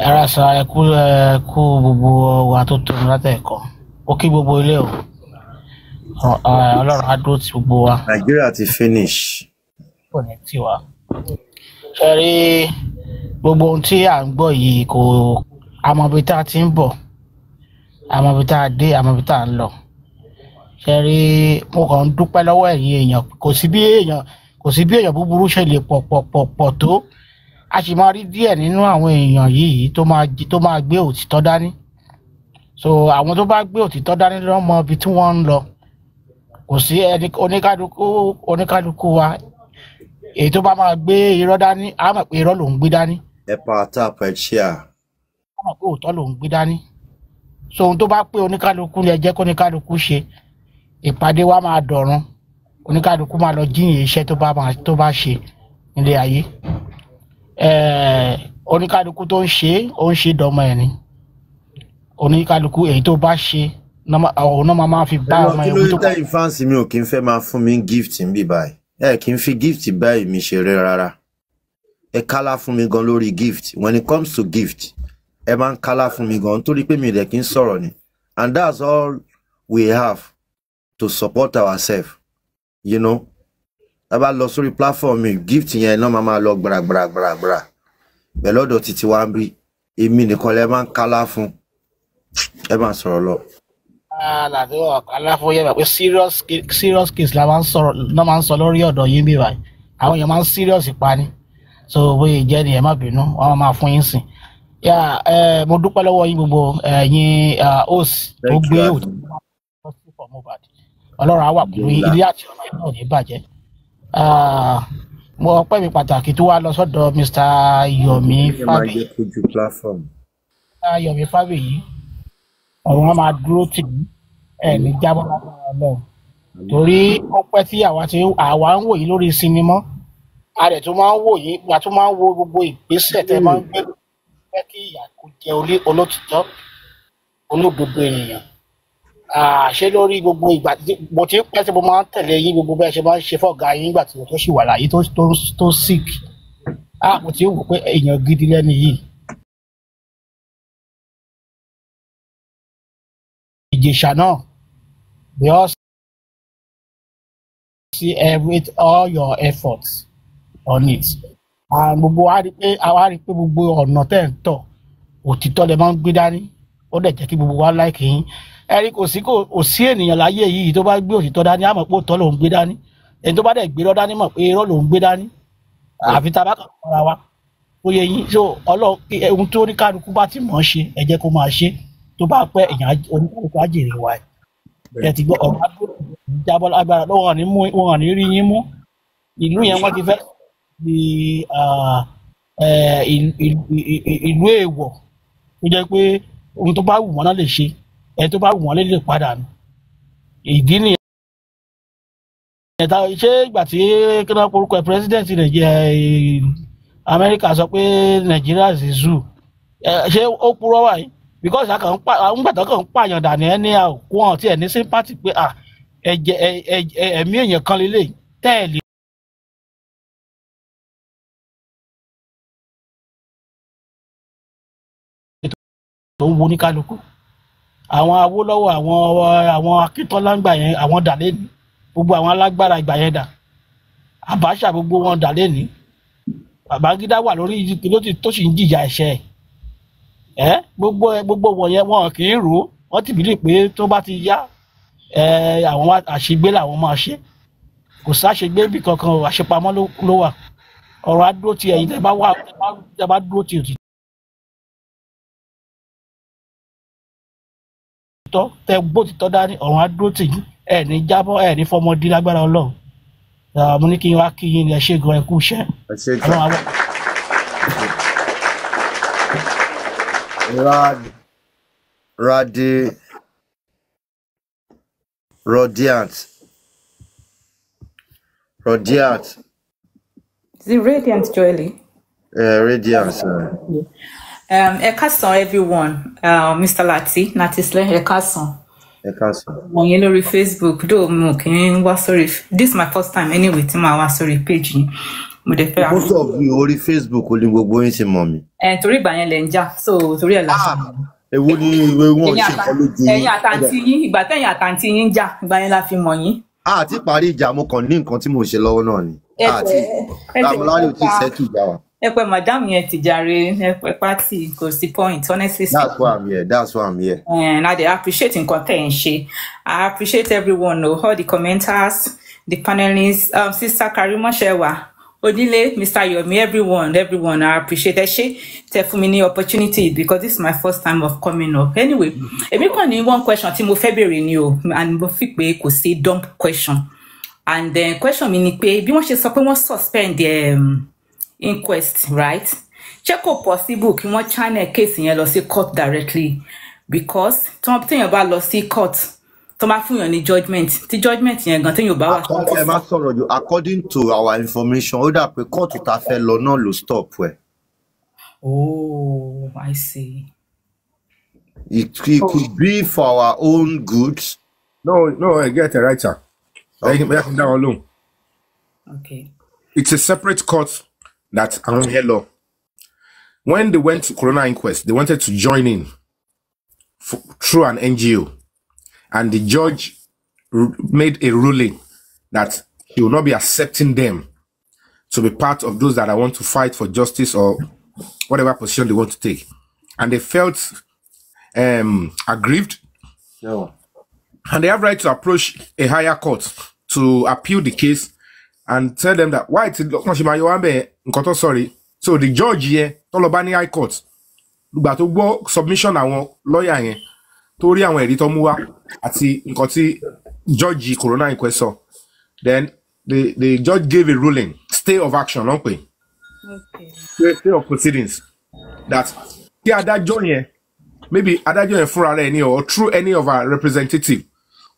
ara sa ẹkú ẹkú gbogbo wa tó tóbi látẹ̀kọ́ ó kí gbogbo ilé o ọlọ́run á dúró ti gbogbo wa. nàìjíríà ti finish. kò ní tiwa. ṣe rí gbogbo ohun tí à ń gbọ́ yìí kò àmọ́bi tá a ti ń bọ̀ àmọ́bi tá a dé àmọ́bi tá a ń lọ. ṣe rí mo kàn ń dúpẹ́ lọ́wọ́ ẹ̀yin èèyàn kò sí bí èèyàn kò sí bí èèyàn búburú ṣe lè pọ̀ pọ̀ pọ̀ pọ̀ tó a sì máa rí díẹ̀ nínú àwọn èèyàn yìí tó máa tó máa gbé òtítọ́ dání so àwọn tó bá gbé òtítọ́ dání ló mọ ibi tí wọ́n ń lọ kò sí ẹni oníkálukú oníkálukú wa èyí tó bá máa gbé irọ́ dání á mọ̀ pé irọ́ ló ń gbé dání. ẹ pa tap ẹ ṣíà. á mọ̀ pé òótọ́ ló ń gbé dání so ohun tó bá pé oníkálukú lẹ jẹ́ kó oníkálukú ṣe ìpàdé wa máa dọ̀run oníkálukú máa lọ jíyìn iṣẹ́ tó bá ṣe nílé ayé. Eh, oníkálukú tó ń ṣe ó ń ṣe dọmọ ẹ ni oníkálukú èyí tó bá ṣe òun náà máa fi bá ọmọ ẹ̀wọ̀n tó kọ́. kí ló dé tẹ́yìn mi ò kí n fẹ́ fún mi gift ń bì báyìí ẹ kì í fi gift báyìí mi ṣeré rárá ẹ kálá fún mi gan lórí gift when it comes to gift ẹ máa ń kálá fún mi gan pé ni and that's all we have to support ourselves you know tá a bá lọ sórí platform gift yẹn náà máa máa lọ gbàràgbàràgbàrà bẹ́ẹ̀ lọ́dọ̀ títí wá ń rí èmi nìkan lẹ máa ń kálá fún ẹ máa sọ̀rọ̀ lọ. alàbí ah, aláfọyẹ bá pé serious serious case la máa ń sọ̀rọ̀ náà máa ń sọ lórí ọ̀dọ̀ yín bí báyìí àwọn èèyàn máa ń serious pa ni so bóyá ìjẹ ni ẹ má bínú wọn máa fún yín sìn mo dúpẹ́ lọ́wọ́ yín gbogbo ẹ̀yin host tó gbé òtún Ọlọ́run á wà pẹ̀lú ilé àti ọmọ ẹgbẹ́ òní bàjẹ́. Ah, mo ọpẹ́ mi pàtàkì tó wá lọ sọ́dọ̀ Mr. Yomi Fabi. Mr. Yomi Fabiyi ah, ọ̀run wọn máa dúró tì í ẹ̀ ní jábọ́ lábẹ́ ọlọ́run torí ó pẹ́ tí àwa ti àwa ń wòye lórí sinimá a dẹ̀ tún máa ń wòye a tún máa ń wo gbogbo ìgbésẹ̀ tẹ́ máa ń gbé pé kí ìyà kó jẹ olótìtọ́ olódodo ènìyàn Ah, ṣé lórí gbogbo ìgbà mo ti pẹ́ tí mo máa ń tẹ̀lé yín gbogbo bẹ́ẹ̀ ṣe máa ń ṣe fọ́ọ̀gá yín nígbà tí mo tó ṣì wà láyé tó sick ah, mo ti wò pé èèyàn gidi lẹ́nu yìí. ìjèṣà náà we all see every all your efforts on it and gbogbo wa rí pé gbogbo ọ̀nà tẹ̀ ń tọ̀ òtítọ́ lẹ máa ń gbé dání ó dẹ̀ jẹ́ kí gbogbo wa láìkì yín ẹ̀rí kò sí kò sí ènìyàn láyé yìí tó bá gbé òtítọ́ dání àmọ́ pé òtọ́ lòún gbé dání ẹni tó bá dẹ̀ gbé irọ́ mọ̀ pé irọ́ lòún gbé dání àfi tá a bá wa ó yẹ yín so ọlọ́run ohun tó ní kálukú bá ti mọ̀ ọ́ ṣe ẹ jẹ́ kó máa ṣe tó bá pẹ́ èèyàn oníkálukú á jèrè wa ẹ ti gbọ́ ọ̀gá tó jábọ́ lágbára lọ́wọ́ wọn ò ní rí yín mú ìlú yẹn wọ́n ti fẹ́ di ìlú èèwọ̀ tó jẹ́ pé ohun tó bá wù wọ́n náà lè ṣe ẹ tó bá wù wọ́n lè padà nù ìdí nìyẹn ṣé ìgbà tí kíná korúkọ president eh, Amẹ́ríkà sọ pé Nàìjíríà is a ṣé ó purọ́ wáyé because àwọn gbàtọ́ kan ń pààyàn dàní ẹni àwọn kó hàn tí ẹ̀ ní sympathy pé ẹ̀mí èèyàn kan lélẹ̀ tẹ́ẹ̀lì. tó ń wo oníkálukú àwọn Awólọ́wọ̀ àwọn àwọn Akíntọ́lá ńgbà yẹn àwọn dà lẹ́nu gbogbo àwọn alágbára ìgbà yẹn dà Abacha gbogbo wọn dà lẹ́nu Babangida wà lórí ìdíkìlótì tó sì ń jìyà ẹ̀ṣẹ̀ ẹ gbogbo gbogbo wọ̀nyẹn wọn kì í rò wọ́n ti bìlì pé tó bá ti yá ẹ àwọn àṣegbé làwọn máa ṣe kò sáṣegbé bí kankan àṣepamọ́ ló wà ọ̀rọ̀ á ti ẹ̀yin tẹ́ bá wà tẹ́ bá dúró ti òtítọ́. tọ́ tẹ gbó ti tọ́ dání ọ̀run á dúró ẹ ní jábọ́ ẹ ní fọmọdé lágbára ọlọ́run mo ní kí n wá kí yín ẹ ṣe gan ẹ kú Radi Radiant Radiant. Is it Radiant, Joely? Eh, yeah, Radiant. Uh, Um, ẹ everyone uh, um, Mr. Lati Natisle ẹ káàsán. ẹ káàsán. mo yẹn lórí Facebook dóò mo kì í wá sórí this my first time anyway tí màá wá sórí page yìí mo dẹ̀ fẹ́. most of you orí Facebook ò ní gbogbo yín ti mọ̀ mi. ẹ torí ìgbà yẹn lẹ ń jà so torí ẹ lásán. Ewo ni ìwé wọn ṣe kọ lójú yín. ẹ̀yin àtàǹtí yín ìgbà tẹ̀yin àtàǹtí yín jà ìgbà yẹn la fi mọ̀ yín. a ti parí ìjà mo kàn ní nǹkan tí mo ṣe lọ́wọ́ náà ni. ẹ ẹ ẹ ẹ ẹ ẹ ẹ ẹ ẹ ẹ ẹ ẹ ẹ ẹ ẹ ẹ ẹ ẹ ẹ ẹ madam yẹn ti jàre ẹ pẹ kò sí point honestly that's why i'm here that's why i'm here. and i dey appreciate nǹkan tẹ́ ẹ̀ ṣe i appreciate everyone o oh, all the commenters the panelists um, sister karimoshewa onílé mr yomi everyone everyone i appreciate ẹ ṣe tẹ́ fún mi ní opportunity because this is my first time of coming up anyway èmi kàn ní one question tí mo fẹ́ béèrè ni o and mo fi pé kò sí dumb question and then question mi ni pé bí wọ́n ṣe sọ pé wọ́n suspend. Um, inquest right ṣé kò possible kí wọ́n channel case yẹn lọ sí court directly because téèyàn bá lọ sí court tó bá fún yàn ní judgement tí judgement yẹn gan téèyàn bá wà. àkọ́kọ́ ẹ má sọ̀rọ̀ jù according to our information ó dà pé kóòtù tá fẹ́ lọ náà ló stop ẹ̀. oh i see. It, it could be for our own good. No, no, I get it right, I can down alone. Okay. It's a separate court that Angelo, when they went to Corona Inquest, they wanted to join in for, through an NGO. And the judge made a ruling that he will not be accepting them to be part of those that I want to fight for justice or whatever position they want to take. And they felt um, aggrieved. No. And they have right to approach a higher court to appeal the case and tell them that why it's nǹkan tó sọrí so the judge yẹn tó lọ bá ní high court gbà tó gbọ́ submission àwọn lọ́ọ̀yà yẹn tó rí àwọn ẹ̀rí tó mú wá àti nǹkan tí judge corona inquest sọ then the the judge gave a ruling stay of action ló ń pè stay stay of proceedings that kí adájọ́ yẹn maybe adájọ́ yẹn fúnra rẹ̀ ni or through any of our representative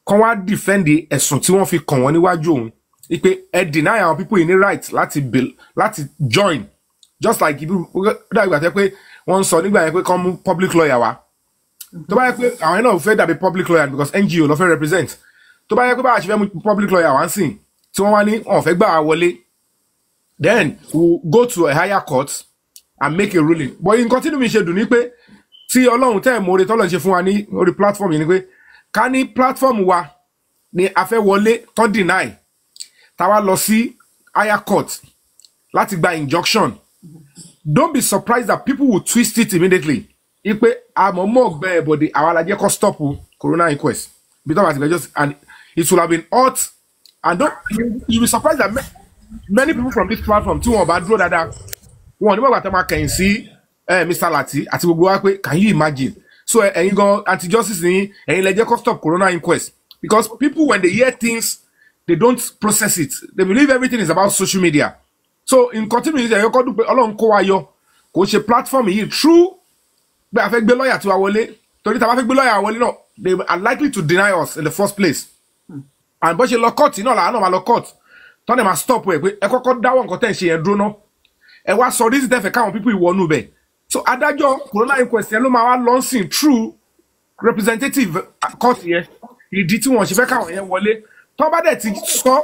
kan wá defend ẹ̀sùn tí wọ́n fi kàn wọ́n níwájú òun ipe ẹ deny àwọn people in the right láti bill láti join just like ibi dàgbà tẹ pé wọ́n sọ nígbà yẹn pé kàn public lawyer wá tó bá yẹ pé àwọn náà fẹ́ dàbí public lawyer because NGO ló fẹ́ represent tó bá yẹ pé bá ṣe fẹ́ mú public lawyer wá sìn tí wọ́n wá ní wọ́n fẹ́ gbà wọlé then we we'll go to a higher court and make a ruling but in continue inú mi ṣe dùn ni pé tí ọlọ́run tẹ́ ìmoore tọ́lọ́run ṣe fún wa ní orí platform yìí ni pé ká ní platform wa ni a fẹ́ wọlé tó deny táwa lọ sí higher court láti gba injunction don't be surprised that people will twist it immediately ipe àmọ́mọ́ ọgbẹ́ ẹ̀bọ̀dẹ̀ àwa la jẹ́ kó stop corona inquest bí tọ́ba ti gbẹ́jọ́ and it will have been hot and don't you, you be surprised that many people from this platform tí wọn bá dúró dáadáa wọn nígbà tó máa kẹ̀yìn sí eh, Mr. Lati àti gbogbo wa pé can you imagine so eh, ẹ̀yin gan anti justice yín ẹ̀yin lẹ jẹ́ kó stop corona inquest because people when they hear things they don't process it they believe everything is about social media so in continuing ṣe ẹ̀yọ́kọ́ dùn pé ọlọ́run kó wa yọ kò ṣe platform yìí true pé a fẹ́ gbé lọ́ọ̀yà tiwa wọlé torí tá a bá fẹ́ gbé lọ́ọ̀yà wọlé náà they are likely to deny us in the first place hmm. and bó ṣe lọ court náà làánà máa lọ court tọ́ni máa stop ẹ̀ pé ẹ kọ́kọ́ dáwọ́ nǹkan tẹ̀ ń ṣe yẹn dúró náà ẹ wá sọ reason tẹ̀ fẹ́ káwọn people ìwọ́nú bẹ̀ so adájọ́ corona inquest yẹn ló máa wá lọ́nsìn true representative court yẹn ìdí tí wọ́n ṣe fẹ́ káwọn yẹn wọlé tó bá dẹ̀ ti sọ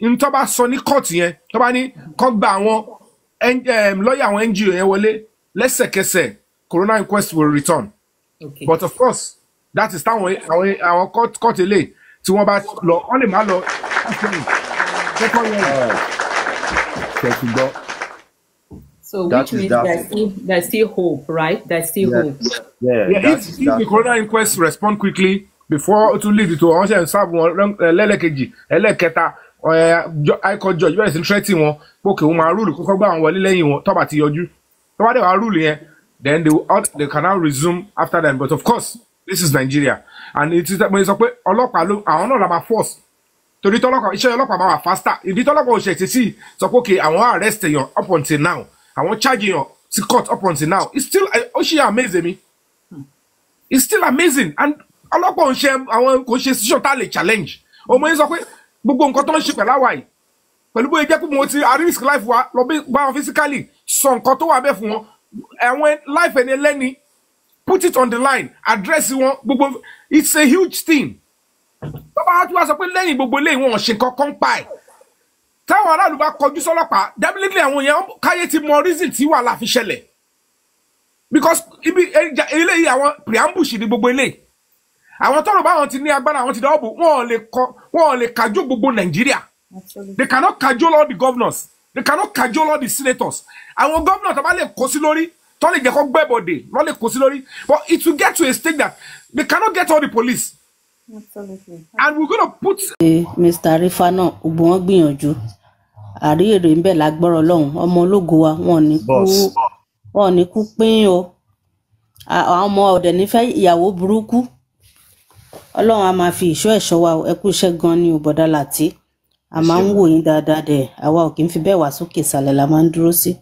ní tó bá sọ ní kóòtù yẹn tó bá ní kó gba àwọn um, lọ́ọ̀yà àwọn NGO yẹn wọlé lẹ́sẹ̀kẹsẹ̀ corona inquest will return okay. but of course that is táwọn àwọn kóòtù lè tí wọ́n bá lọ wọ́n lè má lọ ṣẹ́kọ̀ọ́ So that which means there's still, there's still hope, right? There's still yeah. hope. Yeah, yeah if, if the corona inquest respond quickly, before ó tún lead to wọn ṣe ń sáàbù wọn eh, lẹ́lẹ́kejì ẹlẹ́kẹta eh, icon judge bẹ́ẹ̀ sí tírẹ́tì wọn pókè wọn máa rúùlù kọ́kọ́ gbà wọn wọlé lẹ́yìn wọn tọ́ba ti yọjú tọ́ba dẹ̀ wá rule yẹn then they, they can now resume after them. but of course this is Nigeria and it is mo sọ pé ọlọ́pàá ló àwọn náà la máa force torí tọ́lọ́pàá iṣẹ́ ọlọ́pàá máa wà faster ìdí tọ́lọ́pàá ò ṣe ṣe sí sọ pé okay àwọn arrest èèyàn up until now àwọn charge èèyàn sí court up until now it's still ó ṣe amaze mi it's still amazing and ọlọ́pàá ò ń ṣe àwọn kò ń ṣe sísọ tá a lè challenge ọmọ yín sọ pé gbogbo nǹkan tó ń ṣe pẹ̀lú àwa yìí pẹ̀lú bóyá jẹ́ pé mo ti a risk life wa lọ bá wọn physically sọ nǹkan tó wà bẹ́ẹ̀ fún wọn àwọn life ẹni ẹlẹ́ni put it on the line address wọn gbogbo it's a huge thing tó bá wá tún wá sọ pé lẹ́yìn gbogbo lẹ́yìn wọn ò ṣe kankan pa ẹ̀ táwọn aráàlú bá kọjú sọ́lọ́pàá definitely àwọn yẹn káyé ti mọ reason tí wàhálà fi ṣẹlẹ̀ because ibi eléyìí àwọn preambush ni gbogbo eléyìí àwọn tọrọ báwọn ti ní agbára àwọn ti dá ọbù wọn ò lè kọ wọn ò lè kájọ gbogbo nàìjíríà they cannot cajole all the governors they cannot cajole all the senators àwọn gómìnà tó bá lè kó sí lórí tó lè jẹ kó gbẹ bọdè lọ lè kó sí lórí but it will get to a stage that they cannot get all the police Absolutely. and we gonna put. Mr. Rifa náà gbogbo wọn gbìyànjú àrí ń bẹ lágbọ́rọ̀ lọ́hùn ọmọ ológo wa wọn ní kú wọn ní kú pín o àwọn ọmọ ọ̀dẹ̀ nífẹ̀ẹ́ ìyàwó burúkú ọlọ́run a máa fi ìṣọ́ ẹ̀ṣọ́ wa ẹ kú iṣẹ́ gan ni ò bọ̀dá làtí a máa ń wò yín dáadáa dẹ̀ àwa ò kì í fi bẹ́ẹ̀ wá sókè ìsàlẹ̀ la máa ń dúró sí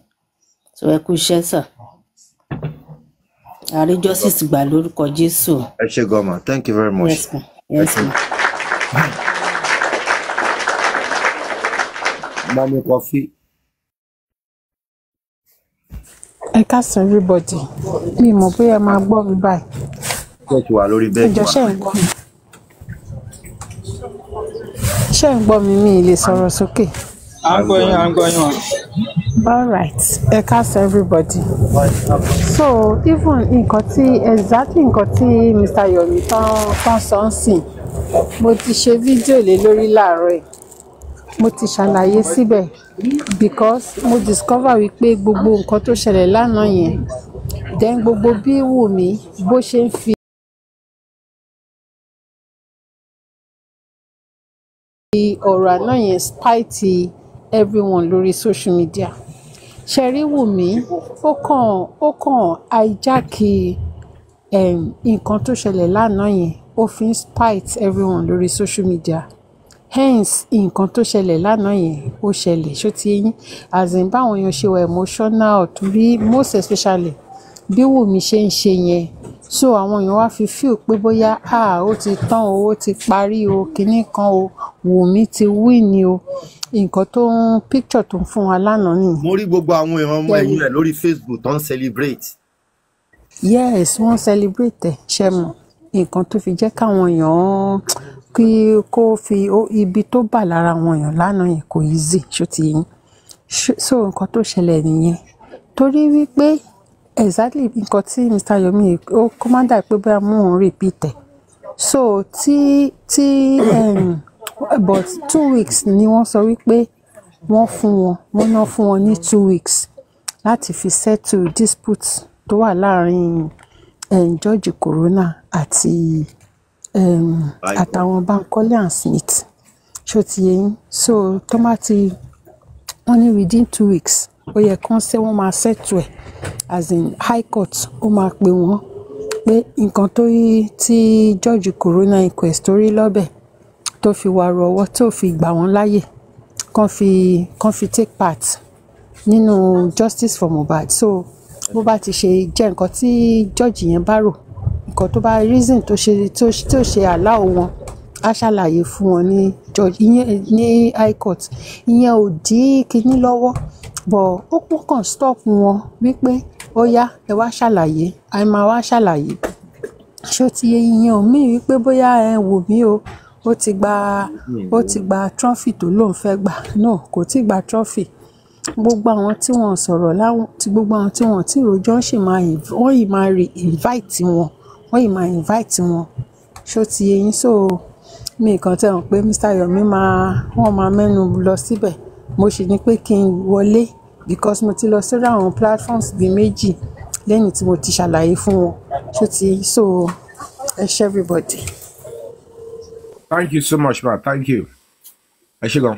so ẹ kú iṣẹ́ sà àríjọ́ sì gbà lórúkọ jésù. ẹ ṣe gọmọ thank you very much. yes ma yes ma. mami kọfí. ẹ káàsán everybody mi mọ̀ bóyá máa gbọ́ mi báyìí. ṣé ti ni wà. ẹ jọ ṣe ń gbọ́ mi ṣé ń gbọ́ mi mi lè sọ̀rọ̀ sókè. à ń gbọ́ yín à ń gbọ́ yín o. all right ẹ cast everybody. so even nǹkan tí exactly nǹkan tí Mr. Yomi tán tán sọ ń sìn mo ti ṣe fídíò lé lórí láàárọ̀ ẹ̀ mo ti ṣàlàyé síbẹ̀ because mo discover wípé gbogbo nǹkan tó ṣẹlẹ̀ lánàá yẹn then gbogbo bí Wùmí bó ṣe ń fi. fi ọ̀rọ̀ àná yẹn spite everyone lórí social media ṣẹ̀rí Wùmí ó kàn ó kàn àìjákì um, nǹkan tó ṣẹlẹ̀ lánàá yẹn ó fi ń spite everyone lórí social media hence nǹkan tó ṣẹlẹ̀ lánàá yẹn ó ṣẹlẹ̀ ṣó ti yín as in báwọn èèyàn ṣe wà emotional torí most especially bí Wùmí ṣe ń ṣe yẹn so àwọn èèyàn wá fi fíl pé bóyá a ó ti tán o ti parí o kinní kan o Wùmí ti wíìnì o nǹkan tó ń picture tó ń fún wa lánàá nìyẹn. mo rí gbogbo àwọn èèyàn ọmọ ẹ̀yìn rẹ̀ lórí Facebook tó ń celebrate. yes wọ́n celebrate ẹ̀ ṣe mọ̀ nǹkan tó fi jẹ́ káwọn èèyàn kí kó fi ibi tó bà lára àwọn èèyàn lánàá yẹn kò easy ṣó ti yín so nǹkan tó ṣẹlẹ̀ nìyẹn torí wípé exactly nǹkan tí Mr. Yomi ó kọ́mándà pé bóyá mò ń repeat ẹ̀ so tí tí um, but two weeks ni wọ́n sọ wípé wọ́n fún wọn wọ́n ná fún wọn ní two weeks láti fi settle dispute tó wà láàrin um, George Corona àti um, àtàwọn Bankole and Smith ṣó ti yẹ yín so tó má ti wọ́n ní within two weeks ó yẹ kán ṣe wọ́n máa ṣètò ẹ̀ as in high court ó máa pè wọ́n pé nǹkan tó yí tí george corona inquest tó rí lọ́bẹ̀ tó fi wà rọwọ́ tó fi gbà wọ́n láyè kán fi kán fi take part nínú justice for Mohbad so bó bá ti ṣe jẹ́ nǹkan tí george yẹn bá rò nǹkan tó bá reason tó ṣe tó ṣe àláò wọn á ṣàlàyé fún wọn ní george ìyẹn ní high court ìyẹn ò dí kinní lọ́wọ́ But ó pọ̀ kàn stop wọn wípé ó yá ẹ wá ṣàlàyé ẹ máa wá ṣàlàyé ṣó ti yẹ ìyẹn ò mí wípé bóyá ẹ wò mí o ó ti gba ó ti gba trọ́fì tó lóun fẹ́ gbà náà kò tí gba trọ́fì gbogbo àwọn tí wọ́n sọ̀rọ̀ láwọn tí gbogbo àwọn tí wọ́n ti rojọ́ ṣì máa wọ́n yìí máa rí invite wọn wọ́n yìí máa invite wọn ṣó ti yẹ yín so mi kàn tẹ̀ wọ́n pé Mr Yomi máa wọ́n máa mẹ́nu lọ síbẹ̀ mo sì ní pé kí n wọlé because mo ti lọ sórí àwọn platforms bíi méjì lẹ́yìn tí mo ti ṣàlàyé fún wọn tó ti so ẹ ṣe everybody. thank you so much ma thank you ẹ ṣe gan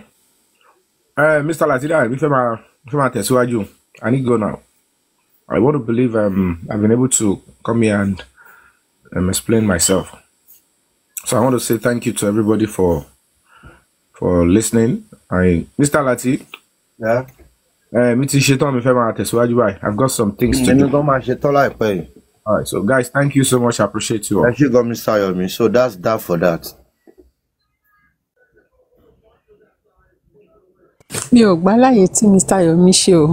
mr latida mi fẹ́ máa mi fẹ́ máa tẹ̀síwájú i need go now i want to believe um, i've been able to come here and um, explain myself so i want to say thank you to everybody for for listening i mr lati. Yeah. Uh, mi ti ṣetán mi fẹ́ máa tẹ̀síwájú báyìí I've got some things to do. Èmi gan máa ṣetán láìpẹ́ yìí. All right, so guys, thank you so much. I appreciate you all. Thank you, God, Mr. Yomi. So that's that for that. Mi ò gbà láyè tí Mr. Yomi ṣe o.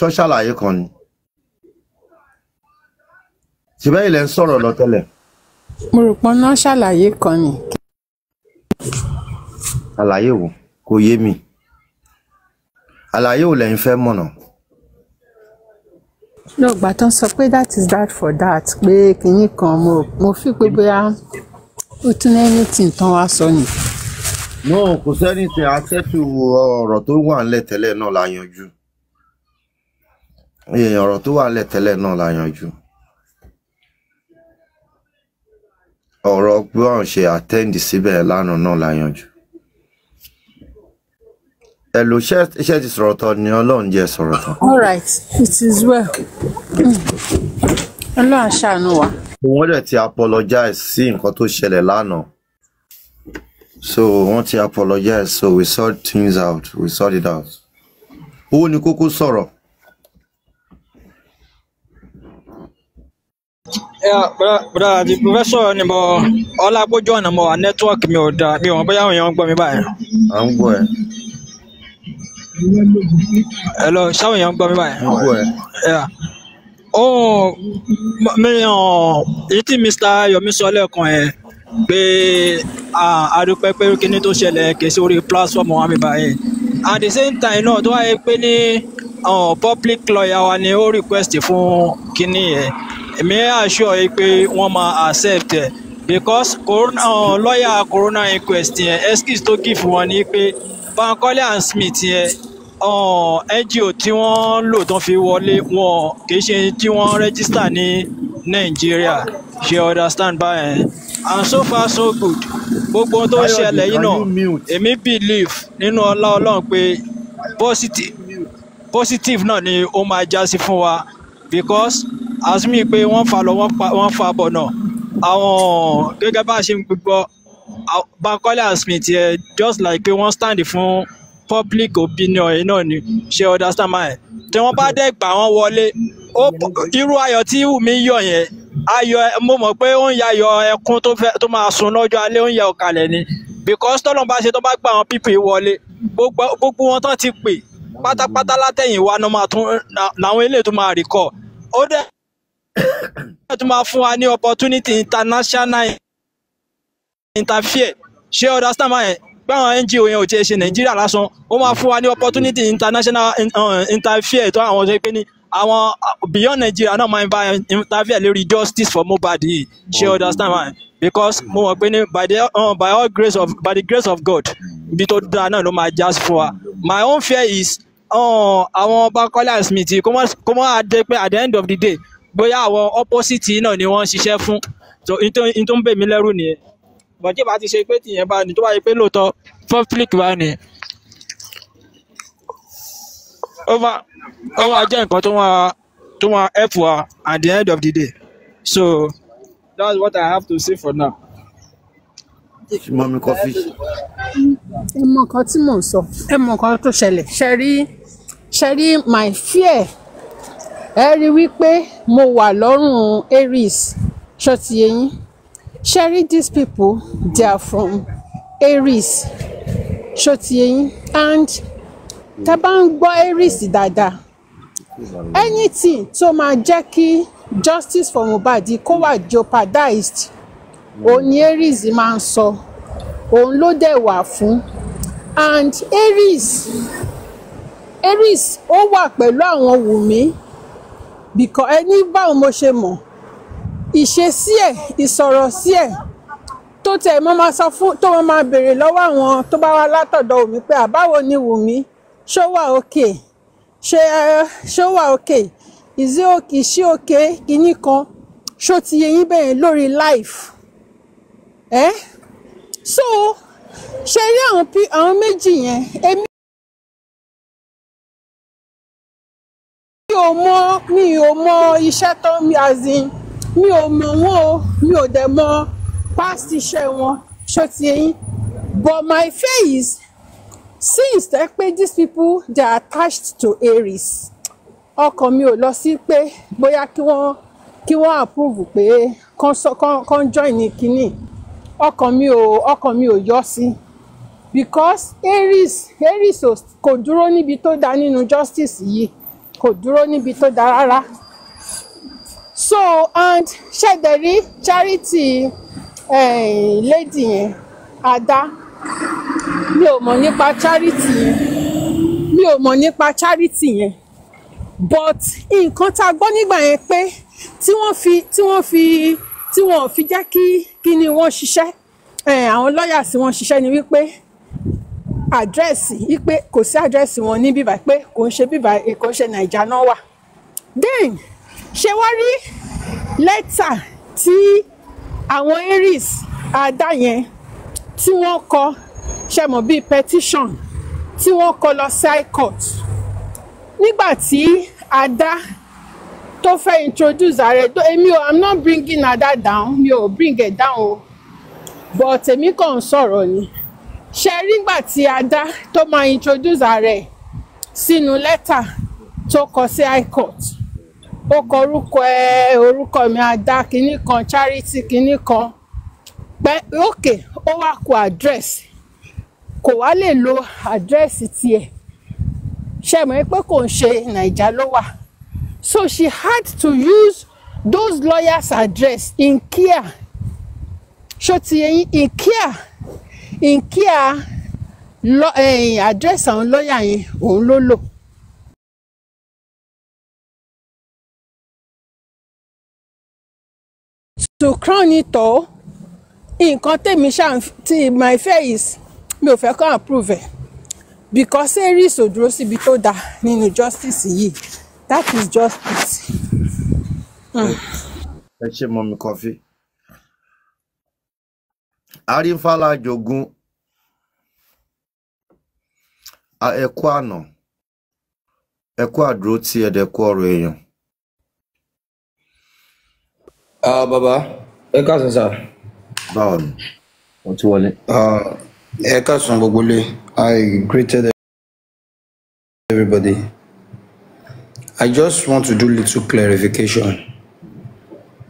Ṣọ́ ṣàlàyé kan ni. Ṣìbẹ́ ilẹ̀ ń sọ̀rọ̀ lọ tẹ́lẹ̀. Mo rò pọ́n náà ṣàlàyé kan ni. Àlàyé wo? Kò yé mi àlàyé ò lẹ́yìn fẹ́ mọ̀nà. no gbàtàn sọ pé that is that for that pé kinní kan mo mo fi pé bóyá ó tún ẹni tí nǹkan wá sọ ni. no kò sẹ́ni tí a ṣẹ́tù ọ̀rọ̀ tó wà ńlẹ̀ tẹ́lẹ̀ náà la yanjú èèyàn ọ̀rọ̀ tó wà ńlẹ̀ tẹ́lẹ̀ náà la yanjú ọ̀rọ̀ pé wọ́n ṣe àtẹ́ǹdì síbẹ̀ lánàá náà la yanjú. Hello, ṣé ti sọ̀rọ̀ tán ni Ọlọ́run jẹ́ sọ̀rọ̀ tán. All right, it is well. Mm. Ọlọ́run ṣàánú wa. Wọ́n dẹ̀ ti apologize sí nǹkan tó ṣẹlẹ̀ lánàá. So wọ́n ti apologize so we sort things out we sort it out. Owó ni kókó sọ̀rọ̀. Bọ́dà àti pòfẹ́sọ̀ ni mo ọlápójú ọ̀nà mo wà nẹ́tíwọ̀kì mi ò dáa mi ò mọ̀ bóyá àwọn èèyàn ń gbọ́ mi báyìí. À ń gbọ́ ẹ. Hello, ṣáwọn èèyàn ń gbọ́ mi báyìí. Mo gbọ́ ẹ. Ohun mi èyí tí Mr. Yomi sọ lẹ́ẹ̀kan ẹ̀ pé àdúpẹ́ pé kíní tó ṣẹlẹ̀ kì sí orí platform wa mi báyìí. At the same time náà tó wáyé pé ní public lawyer wa ni ó request fún kíní yẹn. Èmi assure yìí pé wọ́n máa accept ẹ̀ because corona, lawyer corona inquest yẹn excuse tó give wọn ni pé. Bankole and Smith yẹn NGO tí wọ́n lò tán fi wọlé wọn kì í ṣe tí wọ́n rẹ́gísítà ní Nàìjíríà ṣe understand báyẹn and so far so good gbogbo ohun tó ṣẹlẹ̀ yìí náà èmi believe nínú ọlá Ọlọ́run pé positive positive náà ni ó máa jásí fún wa because as mi pé wọ́n fa lọ wọ́n fa bọ̀ náà àwọn gẹ́gẹ́ bá a ṣe ń gbọ́ Bankole and Smith yẹn just like pé wọ́n stand fún public opinion yìí náà ni ṣe understand my tí wọ́n bá dẹ̀ gbà wọ́n wọlé irú ayọ̀ tí Wùmí yọ̀ yẹn ayọ̀ mo mọ̀ pé ó ń ya ayọ̀ ẹkún tó máa sun lọ́jọ́ alẹ́ ó ń ya ọ̀kàlẹ̀ ni because tọ́lọ́n bá ṣe tó bá gbà àwọn people yìí wọlé gbogbo wọn tán ti pè pátápátá látẹ̀yìn wa làwọn eléyìí tó máa rìkọ̀ ó dẹ̀ tó máa fún wa ní opportunity international interfere ṣé understand báyẹn pé àwọn NGO yẹn ò tiẹ̀ ṣe Nàìjíríà lásán ó máa fún wa ní opportunity international eh, eh, interfere tó àwọn ṣe pé ní àwọn ah, beyond Nigeria náà máa ń bá interfere lórí justice for Mohbad yìí ṣé understand báyẹn because mo mọ̀ pé ní by the uh, by all grace of by the grace of God ibi tó dáa náà ló máa já fún wa my own fear is àwọn Bankole and Smith kó mọ́ adé pé at the end of the day bóyá àwọn opposite náà ni wọ́n ń ṣiṣẹ́ fún so n tó ń bè mí lẹ́rù nìyẹn bọ̀dé bá ti ṣe pé tìyẹn bá ní tó bá yẹ pé lóòótọ́ public bá ní ó máa jẹ́ nǹkan tó máa tó máa help wa at the end of the day so that's what I have to say for now. ṣùgbọ́n mi kọ́ fíìsì. ẹ mọ nǹkan tí mò ń sọ ẹ mọ nǹkan tó ṣẹlẹ̀ ṣe rí ṣe rí my fear ẹ rí wípé mo wà lọ́rùn Aries ṣọ́ọ̀tì eyín Sherry, these people, they are from Aries, Shotiyin, and tá bá ń Aries Dada, anything tó máa jẹ́ kí justice for Mohbad kó wà jeopardized, òun ni Aries máa ń sọ, òun ló dẹ̀ wà fún. And Aries, Aries ó wà pẹ̀lú àwọn Wùmí, because ẹni báwo mo ṣe mọ̀ ìṣesí ẹ̀ ìsọ̀rọ̀ sí ẹ̀ tó tẹ̀ mọ́ máa sọ fún tó wọ́n máa béèrè lọ́wọ́ àwọn tó bá wá látọ̀dọ̀ Wùmí pé àbáwo ni Wùmí ṣó wà òkè ṣe ṣó wà òkè ìṣe òkè ìṣe òkè kìíní kan ṣó ti yẹyìn bẹ́ẹ̀ lórí life ẹ́ eh? so ṣe rí àwọn àwọn méjì yẹn èmi. mi ò mọ mi ò mọ iṣẹ́ tó mi as in mi ò mọ̀ wọ́n o mi ò dẹ̀ mọ̀ past iṣẹ́ wọn ṣó ti yín but my face since tẹ́ pé these people they attached to Aries ọkàn mi ò lọ sí pé bóyá kí wọ́n kí wọ́n approve pé kán join ní kínní ọkàn mi ò ọkàn mi ò yọ sí because Aries Aries kò dúró níbi tó dáa nínú justice yìí kò dúró níbi tó dáa rárá so and ṣẹ̀dẹ̀rí charity eh, lady yẹn ada mi ò mọ̀ nípa charity yẹn mi ò mọ̀ nípa charity yẹn but nǹkan tá a gbọ́ nígbà yẹn pé tí wọ́n fi tí wọ́n fi tí wọ́n fi jẹ́ kí kí ni wọ́n ṣiṣẹ́ eh, àwọn lọ́ọ̀yà sí wọn ṣiṣẹ́ ni wípé àdírẹ́sì wípé kò sí àdírẹ́sì wọn ní bíbá pé kò ń ṣe bíbá kò ń ṣe nàìjà náà wà then ṣe wá rí lẹ́tà tí àwọn Aries àdá yẹn tí wọ́n kọ ṣẹmọ̀ bíi petition tí wọ́n kọ lọ sí high court nígbà tí àdá tó fẹ́ introduce ààrẹ tó èmi o i'm not bringing Ada down mi ò bring it down o but èmi kàn ń sọ̀rọ̀ ni ṣe rí gbà tí àdá tó máa introduce ààrẹ sínú lẹ́tà tó kọ sí high court ó kọ orúkọ ẹ orúkọ mi adá kinní kan charity kinní kan pẹ òkè ó wá kó àdírẹ́sì kò wá lè lo àdírẹ́sì tiẹ̀ ṣe pé kò ń ṣe nàìjà ló wà so she had to use those lawyers address in Kia ṣó ti yẹn in Kia in Kia lọ ẹ̀yìn àdírẹ́sì àwọn lọ́ọ̀yà yẹn òun ló lò. Sucron ni tọ́ nǹkan tèmi ṣáà ti my fair is mi ò fẹ́ kọ́ approve ẹ̀ because Aries ò dúró síbi tó dáa nínú justice yìí that is justice. Hmm. ẹ ṣe mọ mi kọfí arífàlà jogun ẹkú àná ẹkú àdúró tí ẹdẹkú ọ̀rọ̀ èèyàn Ah, bàbá ẹ káàsán sá. báwo ni wọ́n ti wọlé. Ah, ẹ káàsán gbogbo lé I greeted everybody. I just want to do little clarification.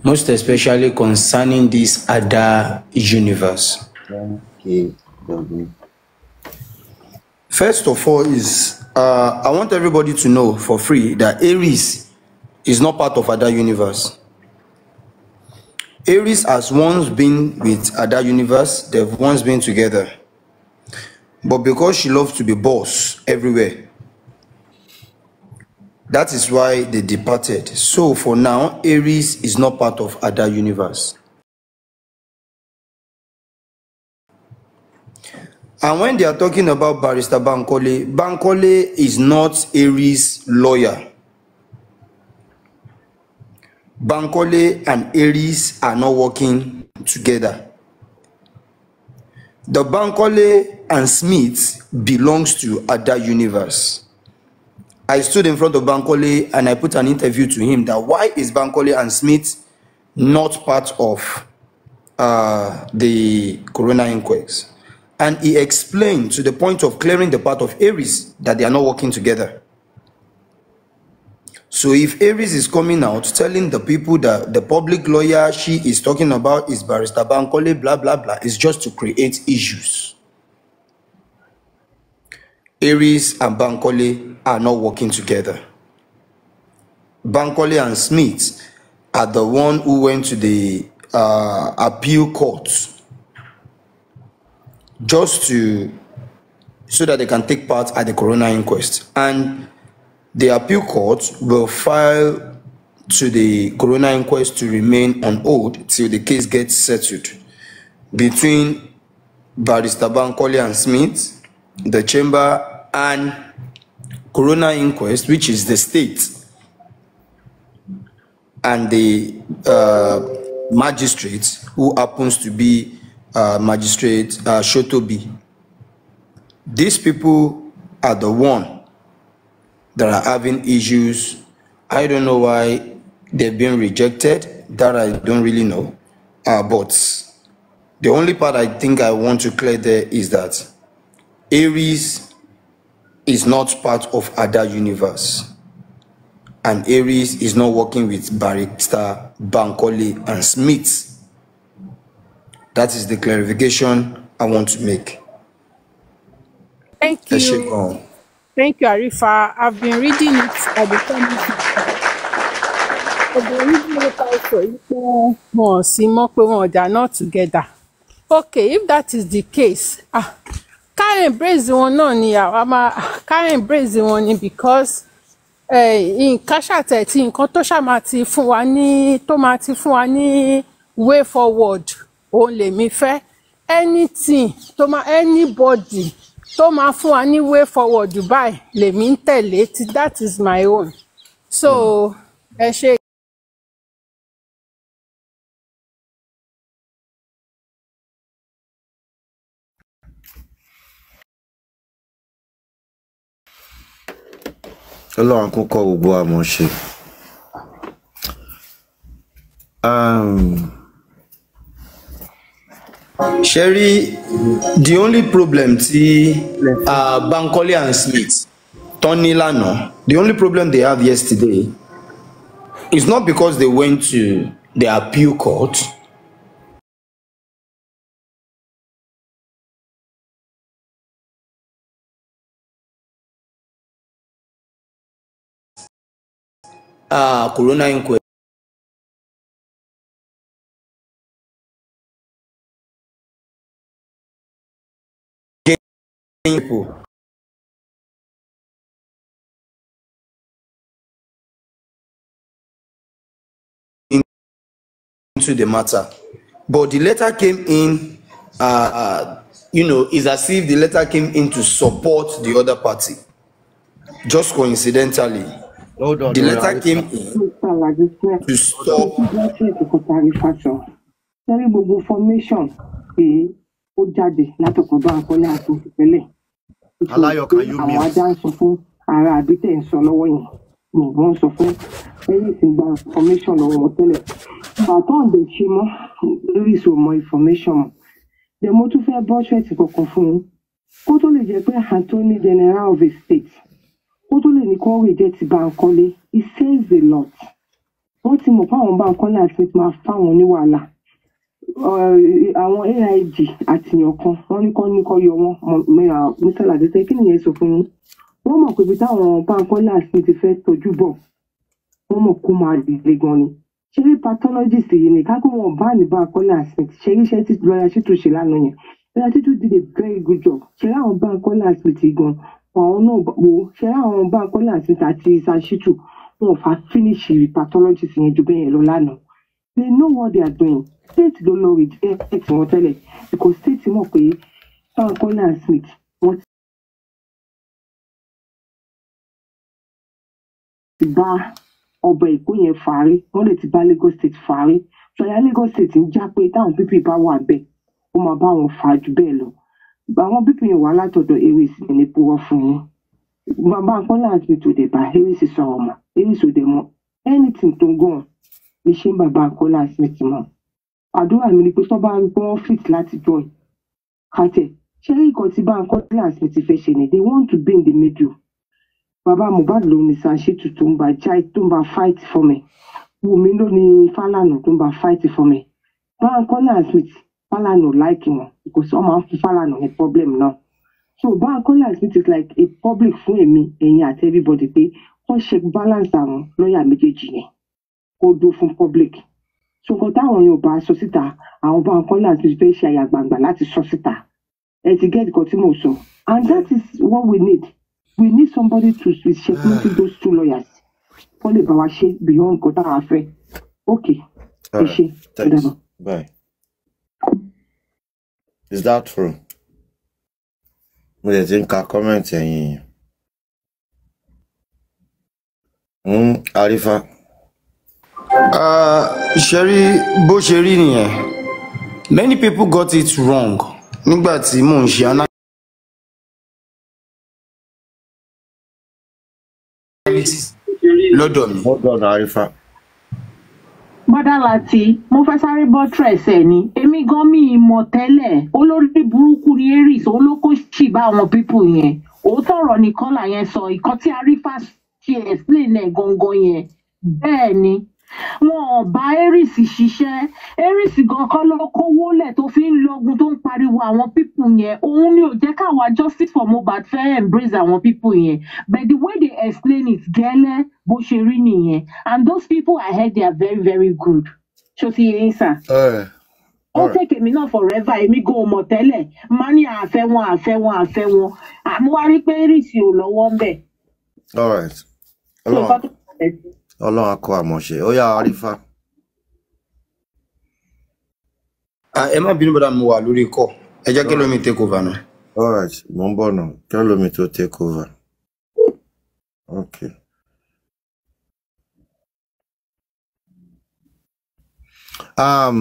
most especially concerning this Ada universe. Okay. Okay. First of all, is uh, I want everybody to know for free that Aries is not part of Ada universe. Aries has once been with Ada Universe, they've once been together. But because she loves to be boss everywhere, that is why they departed. So for now, Aries is not part of Ada Universe. And when they are talking about Barrister Bankole, Bankole is not Aries' lawyer. Bankole and Aries are not working together. The Bankole and Smith belongs to other universe. I stood in front of Bankole and I put an interview to him that why is Bankole and Smith not part of uh, the corona inquest? And he explained to the point of clearing the part of Aries that they are not working together. So if Aries is coming out telling the people that the public lawyer she is talking about is Barrister Bankole, blah, blah, blah, it's just to create issues. Aries and Bankole are not working together. Bankole and Smith are the one who went to the uh, appeal court just to so that they can take part at the coroner inquest and The appeal court will file to the coroner inquest to remain on hold till the case gets settled between Barrister Bankole and Smith, the chamber, and coroner inquest, which is the state and the uh, magistrate who happens to be uh, magistrate uh, Shotobi. These people are the one that are having issues. I don't know why they've been rejected. That I don't really know. Uh, but the only part I think I want to clear there is that Aries is not part of other universe. And Aries is not working with Barrister, Bankole, and Smith. That is the clarification I want to make. Thank you. Thank you, Arifa. I've been reading it at the time. I've been reading it also. Wọ́n sì mọ̀ pé they are not together. Okay, if that is the case, ah, ká embrace wọn náà ni àwa máa ká embrace wọn ni because eh, nǹkan ṣàtẹ̀ tí nǹkan tó ṣàmà ti fún wa way forward òun lèmi fẹ́ anything toma anybody tó máa fún wa ní way forward Dubai lèmi ń tẹ̀lé ti that is my own so ẹ mm. ṣe. ọlọ́run kún kọ́ gbogbo àmọ́ ṣe. Um, Sherry, the only problem ti uh, Bankole and Smith tán ní the only problem they have yesterday is not because they went to the appeal court. Uh, corona inquiry. tempo into the matter. But the letter came in, uh, uh, you know, it's as if the letter came in to support the other party. Just coincidentally, Hold on, the letter came in to stop. Sorry, gbogbo formation. Eh? ó jáde látọkàn bá akọlé àti òṣìṣẹlẹ nítorí pé àwọn ajá ń sọ fún ara àbítẹ ń sọ lọ́wọ́ yẹn ni wọn ń sọ fún lẹ́yìn tí gba information lọ́wọ́ wọn tẹ́lẹ̀ bàtọ ọdẹ ṣe mọ lórí ìṣòmọ information mọ dẹ mo tún fẹ́ bọṣẹtì kankan fún un kó tó lè jẹ́ pé attorney general of a state kó tó lè ní kó reject Bankole it says a lot wọ́n ti mọ̀ fáwọn Bankole àti máa fáwọn ní àwọn AIG àtìyàn kan wọn ní kán ní kán yọ wọn Mr. Ladete kí nìyẹn sọ fún yín wọn mọ̀ pé ibi táwọn Bankole Akeem ti fẹ́ tọ́jú bọ̀ wọn mọ̀ kó máa dìde gan ni ṣeré pathologist yìí ni ká kó wọn bá ní Bankole Akeem ṣeré iṣẹ́ tí lọ́yà ṣètò ṣe lánàá yẹn lọ́yà ṣètò did a very good job ṣeré àwọn Bankole Akeem ti gan àwọn náà wo ṣeré àwọn Bankole Akeem àti ìsàṣìtù wọn ò fà finish pathologist yẹn ju bẹ́ẹ̀ lọ lánàá they know what they are doing state ló lọ reject wọn tẹ́lẹ̀ because state mọ̀ pé Sanko-Olu uh, and Smith wọ́n ti bá ọba Èkó yẹn fàárí wọ́n lè ti bá Lagos state fàárí ṣọlá Lagos state ń já pé táwọn pípì bá wà bẹ́ẹ̀ ó máa bá wọn fà jù bẹ́ẹ̀ lọ àwọn pípì yẹn wà látọ̀dọ̀ eré ìsinmi ní púrọ́ fún yín bàbá Sanko-Olu and bá eré ìsìn sọ̀rọ̀ mọ́ eré ìsìn anything tó ń gàn ní ṣé bàbá Sanko-Olu and mọ́ àdúrà mi ni pé tó bá ń gbọ́ fit láti join kàtẹ́ ṣé nǹkan tí bá ń kọ́ class mi ti fẹ́ ṣe ni they want to be in the middle bàbá Mohbad ló ní Sanṣítù tó ń bá jai tó ń bá fight for me Wùmí ló ní Fálànà tó ń bá fight for me Báńkọ́lá Smith Fálànà láìkì wọn because wọ́n máa ń fún Fálànà ní problem náà so Báńkọ́lá Smith is like a public fún èmi ẹ̀yin àti everybody pé wọ́n ṣe balance àwọn lọ́ọ̀yà méjèèjì yẹn kó dó fún public so nǹkan táwọn èèyàn bá sọ síta àwọn bá nǹkan láti fẹ́ ṣe àyà gbangba láti sọ síta ẹ ti get nǹkan tí mo sọ and that is what we need we need somebody to be checkmating ah. those two lawyers wọ́n lè bá wa ṣe beyond nǹkan tá a fẹ́ okay ẹ ṣe ẹ dàbọ. Bye. Is that true? Mo lè ti ń ka kọ́mẹ̀ntì ẹ̀yìn yìí. Hmm, Arifa ṣẹ́rí uh, bó ṣe rí nìyẹn many people got it wrong nígbà tí mò ń ṣe analysis lọ́dọ̀ mi. Gbádàlàtì, mo fẹ́ sáré buttress ẹ̀ ni. Èmi gan mi ìmọ̀ tẹ́lẹ̀, olórí burúkú ni Aries, òun ló kó ṣì bá àwọn pípù yẹn. Òótọ́ ọ̀rọ̀ nìkan là yẹn sọ, ìkan tí Arifa ṣe explain ẹ̀ gangan yẹn. Bẹ́ẹ̀ ni, wọn ò bá aries ṣiṣẹ́ aries gan kọ́ ló kówó lẹ̀ tó fi ń lọ́gun tó ń pariwo àwọn pípù yẹn òun ni ò jẹ́ káwa justice for mobile fẹ́ embrace àwọn pípù yẹn but the way they explain it gẹ́lẹ́ bó ṣe rí nìyẹn and those people I heard they are very very good ṣó ti yẹ yín sà ó tẹ̀kẹ̀ mí náà forever èmi gan ò mọ̀ tẹ́lẹ̀ má ní àfẹ́ wọn àfẹ́ wọn àfẹ́ wọn àmúwárí pé rìsì ò lọ́wọ́ ń bẹ̀. all right. Hello. So, ọlọ́run akọ àmọ̀ṣe ó yá arífa. ẹ má bínú bọ́dà mo wà lórí kọ́ ẹ jẹ́ kí lómi take over náà. alright mo ń bọ̀ nà kí lómi tó take over. okay. um,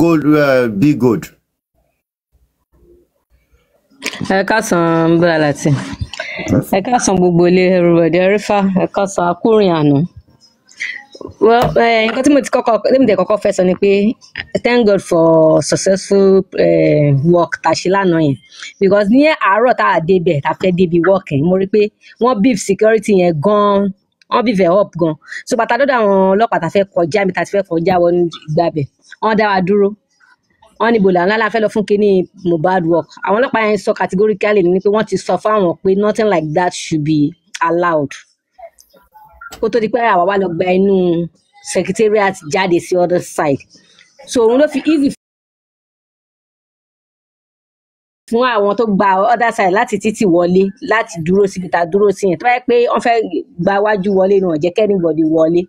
gold uh, be good. ẹ ká san búra láti ẹ káàsán gbogbo ilé ẹrù rọ̀dẹ̀ ẹrífà ẹ káàsán akúrin àná nǹkan tí mo ti kọ́kọ́ lẹ́mi tẹ̀ kọ́kọ́ fẹ́ sọ ni pé thank God for successful uh, work tá a ṣe lánàá yẹn because ní àárọ̀ tá a débẹ̀ tá a fẹ́ débi work yẹn mo rí pé wọ́n beef security yẹn gan-an wọ́n beef ẹ̀ up gan so bàtà lọ́dọ̀ àwọn ọlọ́pàá tá a fẹ́ kọjá mi tá a ti fẹ́ kọjá wọn gbàbẹ̀ wọ́n dá wa dúró wọn ní bòlà ńlá la fẹ́ lọ fún kínní Mohbad work àwọn ọlọ́pàá yẹn sọ categorically ni pé wọ́n ti sọ fáwọn pé nothing like that should be allowed kó tó di pé àwa wá lọ gba inú secretariat jáde sí other side so òun ló fi easy fún àwọn tó gba other side láti títì wọlé láti dúró síbi tá a dúró sí yẹn tó bá yẹ pé wọ́n fẹ́ gba wájú wọlé ni wọ́n jẹ́ kẹ́nìbọ̀dì wọlé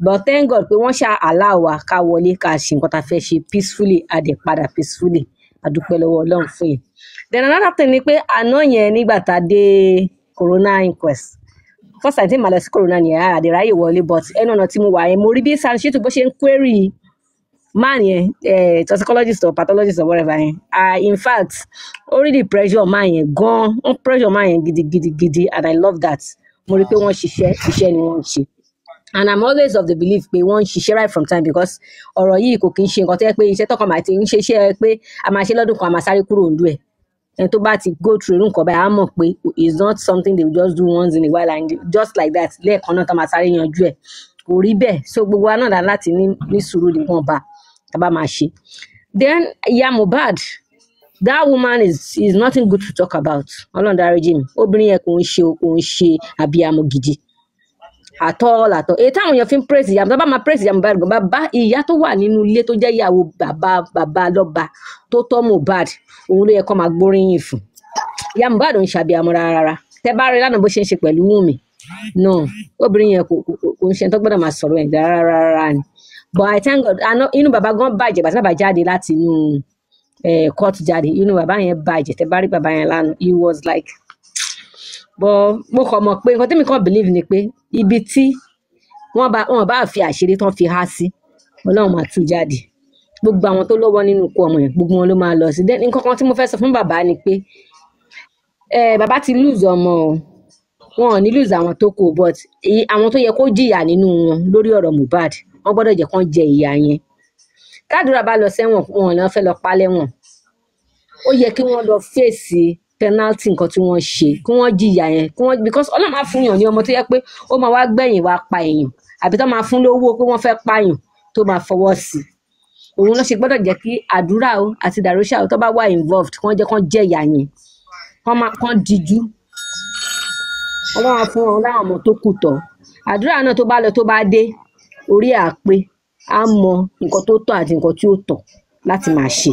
but thank god pé wọ́n ṣá allow wa ká wọlé ká ṣe nǹkan tá a fẹ́ ṣe peacefully a dẹ̀ padà peacefully a dúpẹ́ lọ́wọ́ ọlọ́run fún yẹn then another thing ni pé àná yẹn nígbà tá a dé corona inquest first time tí màá lọ sí corona yẹn a dẹ̀ ráyè wọlé but ẹnu ọ̀nà tí mo wà yẹn mo rí bí sáré ṣètò bó ṣe ń query man yẹn eh, toxicologist or pathologist or whatever yẹn ah in fact ó rí the pressure man yẹn gan-an pressure man yẹn gidigidigidi and i love that mo rí pé wọ́n ṣiṣẹ́ iṣẹ́ ni wọ́n ń ṣe and i'm always of the belief pé wọ́n ń ṣiṣẹ́ right from time because ọ̀rọ̀ yìí kò kí ń ṣe nǹkan tó yẹ pé iṣẹ́ tọkàn máa ti ń ṣeṣẹ́ pé a máa ṣe lọ́dún kan a máa sáré kúrò ń dú ẹ̀ ẹni tó bá ti go through irú nǹkan báyìí á mọ̀ pé it's not something they just do once in a while and just like that lẹ́ẹ̀kan náà tó máa sáré yanjú ẹ̀ kò rí bẹ́ẹ̀ so gbogbo wa náà láti ní ní sùúrù nìkan bá tá a bá máa ṣe then ìyá Mohbad that woman is is nothing good to talk about ọlọ́run dáríjì mi obìnrin yẹn kò ń ṣe kò ń ṣe àbíyamọ gidi At all, àtọ́ọ̀lù àtọ́ èyí táwọn èèyàn fi ń praise ìyá bàbá máa praise ìyá Mohbad gan bàbá ìyá tó wà nínú ilé tó jẹ́ ìyàwó bàbá bàbá lọ́ba tó tọ́ Mohbad òun ló yẹ kó máa gbóríyìn fún ìyá Mohbad ò ń ṣàbíamọ rárá tẹ bá rí lánàá bó ṣe ń ṣe pẹ̀lú Wùnmí náà obìnrin yẹn kò kò ń ṣe tó gbọ́dọ̀ máa sọ̀rọ̀ ẹ̀dá rárá ni but I thank God inú bàbá gan bàjẹ́ bàtí bàbá jáde láti inú eh, court jáde inú bàbá yẹn bàjẹ́ tẹ bá rí bàbá yẹn lánàá he was like but mo kàn mọ̀ pé nǹkan tẹ́mi kàn believe ni pé ibi tí wọ́n bá wọ́n bá fi àṣírí tán fi há sí ọlọ́run máa tú jáde gbogbo àwọn tó lọ́wọ́ nínú ikú ọmọ yẹn gbogbo wọn ló máa lọ sí then nǹkan kan tí mo fẹ́ sọ fún bàbá ni pé bàbá ti lose ọmọ o wọn ò ní lose àwọn tó kù but àwọn tó yẹ kó jìyà nínú wọn lórí ọ̀rọ̀ Mohbad wọ́n gbọ́dọ̀ jẹ́ kán jẹ ìyà yẹn kádùrà bá lọ sẹ́wọ̀n wọn ò ní wọ́n fẹ́ lọ pa lẹ́wọ̀n ó yẹ kí wọ́n lọ fèsì penalty nǹkan tí wọ́n ṣe kí wọ́n jìyà yẹn kí wọ́n because ọlọ́run máa fún yàn ní ọmọ tó yẹ pé ó máa wá gbẹ̀yìn wá pa èèyàn àbí tó máa fún lówó pé wọ́n fẹ́ pààyàn tó máa fọwọ́ sí i òun ló ṣe gbọ́dọ̀ jẹ́ kí àdúrà o àti dàrúṣà o tó bá wà involved kí wọ́n jẹ́ kán jẹ́ ìyà yẹn kán máa kán díjú ọlọ́run fún wọn láwọn ọmọ tó kù tọ́ àdúrà náà tó bá lọ tó bá dé orí àpè á mọ nǹkan tó tọ́ àti nǹkan tí ó tọ́ láti máa ṣe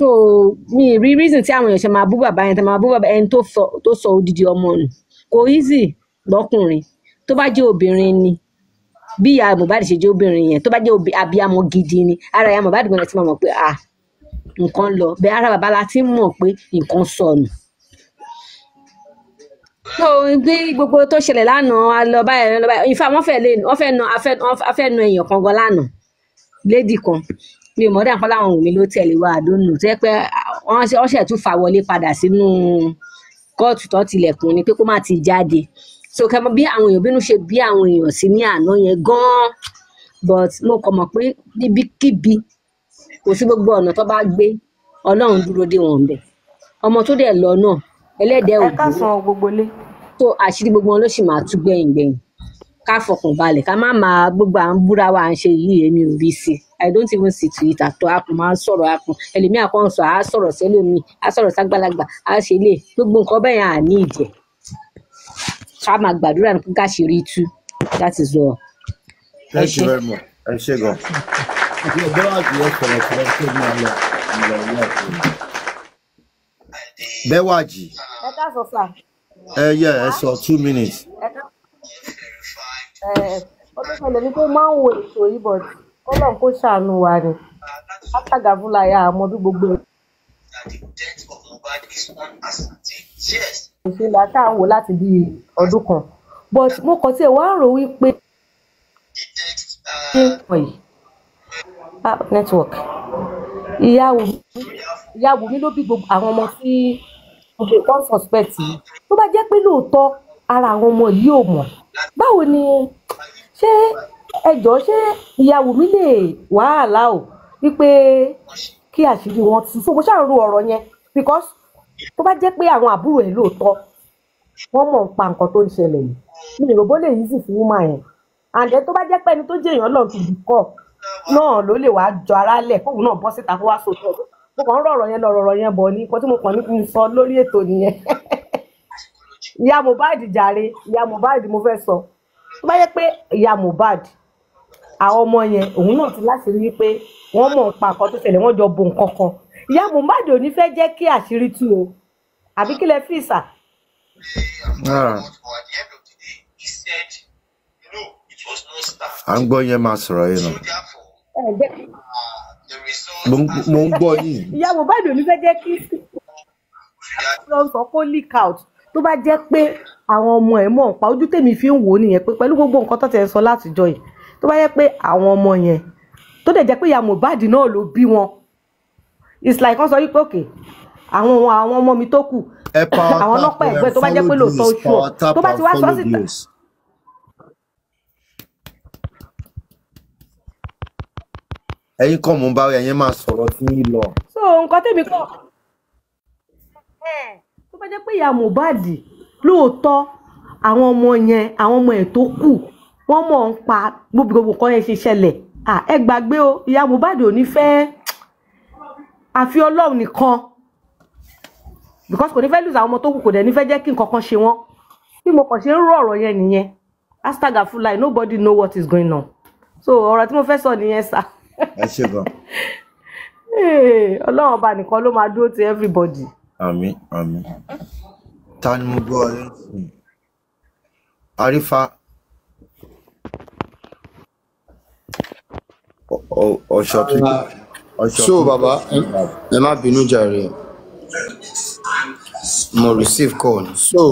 so mi rí reason tí àwọn èèyàn ṣe máa bú bàbá yẹn tó máa bú bàbá ẹni tó sọ odidi ọmọ nù kò easy lọ́kùnrin tó bá jẹ́ obìnrin ni bí ìyá Mohbad ṣe jẹ́ obìnrin yẹn tó bá jẹ́ abiyamọ gidi ni ara ìyá Mohbad gbọ́dọ̀ ti máa mọ̀ pé ah nǹkan lọ bẹ́ẹ̀ ara bàbá la ti mọ̀ pé nǹkan sọnù so bí gbogbo tó ṣẹlẹ̀ lánàá a lọ báyìí lọ báyìí ìfà wọn fẹ́ lé wọn fẹ́ na afẹ́ na èèyàn kan gan lánàá lédi kan mi ò mọ̀ dà pọ́n láwọn òmí ló tẹ̀lé wa àdónù tó yẹ pé wọ́n ṣẹ̀ tún fà wọlé padà sínú kóòtù tó tilẹ̀kùn ni pé kó má ti jáde so kẹmọ bí àwọn èèyàn bínú ṣe bí àwọn èèyàn sí ní àná yẹn gan but mo kàn mọ̀ pé níbikíbi kò sí gbogbo ọ̀nà tó bá gbé ọlọ́run dúró dé wọn bẹ̀ ọmọ tó dẹ̀ lọ náà ẹlẹ́dẹ̀ ò dúró tó àṣírí gbogbo wọn ló sì máa tú gbẹ̀yìn gbẹ̀yìn ká fọkàn balẹ̀ ká má máa gbogbo à ń búra wa à ń ṣe yìí èmi ò rí sí i i don't even see to it àtọ akùn máa sọ̀rọ̀ akùn ẹlòmíì àkọsọ á sọ̀rọ̀ sẹlòmíì á sọ̀rọ̀ ságbàlagbà á ṣe lè gbogbo nǹkan bẹ́ẹ̀ yẹn à ní ìjẹ́ ká máa gbàdúrà ní ká ṣe rí tú that is all. thank you very much ẹ ṣe gan. ìjọba àgbẹ̀ sọ̀rọ̀ sọ̀rọ̀ tó ní ọlọ́ ìlọ ìlọ ìlọ. Bẹ́wàjì. ẹ káàsọ̀ sà. ẹ yẹ ẹ sọ two minutes. ọdún kan lèmi pé máa ń wo ètò yìí bọ̀dù. Ọlọ́run kó ṣàánú wa ni látàgà fúnra yà àmọ́ bí gbogbo ẹ̀. ìṣẹ̀lẹ̀ àtàwọn wò láti bí ọdún kan but mo kàn tí ẹ wá ń rò wípé ṣé ah, wọ̀nyí network ìyá Wùmí ló bí gbogbo àwọn ọmọ tí wọ́n suspect yìí tó bá jẹ́ pé lóòótọ́ ara àwọn ọmọ yìí ò mọ̀ báwo ni ṣé ẹjọ́ ṣé ìyàwó mi lè wàhálà o wípé kí àṣírí wọn tú so mo ṣáà ro ọ̀rọ̀ yẹn because tó bá jẹ́ pé àwọn àbúrò ẹ̀ lóòótọ́ wọ́n mọ̀ ń pa nǹkan tó ń ṣẹlẹ̀ yìí mi ìròbó lè yí sì fún wúmà yẹn àǹdẹ́ tó bá jẹ́ pé ẹni tó jẹ́ èèyàn lọ́n tó dì kọ́ náà ló lè wàá jọ aráàlẹ̀ kóun náà bọ́ síta kó wá sòtọ́ mo kàn ń rọ̀rọ̀ yẹn lọ̀rọ̀ yẹn bọ̀ ní nǹkan tí mo kàn ní kí n sọ lórí ètò nìyẹn ìyá Mohbad jàre ìyá Mohbad mo fẹ́ sọ tó bá yẹ pé ìyá Mohbad àwọn ọmọ yẹn òun náà ti láti rí pé wọ́n mọ̀ nípa nǹkan tó ṣẹlẹ̀ wọ́n jọ bo nǹkan kan ìyá Mohbad ò ní fẹ́ jẹ́ kí àṣírí tú o àbí kí lẹ fi ìsà. Ah. à ń gbọ́ yẹn máa sọ̀rọ̀ yìí nù. mo ń gbọ́ yìí. ìyá Mohbad ò ní fẹ́ jẹ́ kí sọ kó leak out tó bá jẹ́ pé àwọn ọmọ ẹ̀ mọ̀ nípa ojú tèmi fi ń wò ó nìyẹn pé pẹ̀lú gbogbo nǹkan tó ti ń sọ látijọ́ yìí tó bá yẹ pé àwọn ọmọ yẹn tó dẹ̀ jẹ́ pé ìyá Mohbad náà ló bí wọn it's like wọ́n sọ wípé òkè àwọn ohun àwọn ọmọ mi tó kù àwọn ọlọ́pàá ẹ̀gbẹ́ tó bá jẹ́ pé lóòótọ́ oṣù ọ̀ tó bá ti wá sọ síta. ẹ̀yin kọ́ mò ń bá ẹ̀yin máa sọ̀rọ̀ tí yín lọ. so nǹkan tèmi kọ́ tó bá jẹ́ pé ìyá Mohbad lóòótọ́ àwọn ọmọ yẹn àwọn ọmọ ẹ̀ tó kù wọ́n mọ̀ ń pa gbogbo nǹkan yẹn ṣe ṣẹlẹ̀ ẹ gbàgbé o ìyá Mohbad ò ní fẹ́ àfi Ọlọ́run nìkan because kò ní fẹ́ lùsà àwọn ọmọ tó kù kò dẹ̀ ní fẹ́ jẹ́ kí nǹkan kan ṣe wọ́n bí mo kàn ṣe ń rọ ọ̀rọ̀ yẹn nìyẹn astaga full line nobody know what is going on so ọ̀rọ̀ tí mo fẹ́ sọ nìyẹn sá. ẹ ṣe gan. ọlọ́run ọba nìkan ló máa dúró ti everybody. àmín àmín ta ni mo gbọ́ ọ lẹ́yìn. àrífà ọ̀ṣọ́tún. so baba ẹ má bínú jàre mo receive call so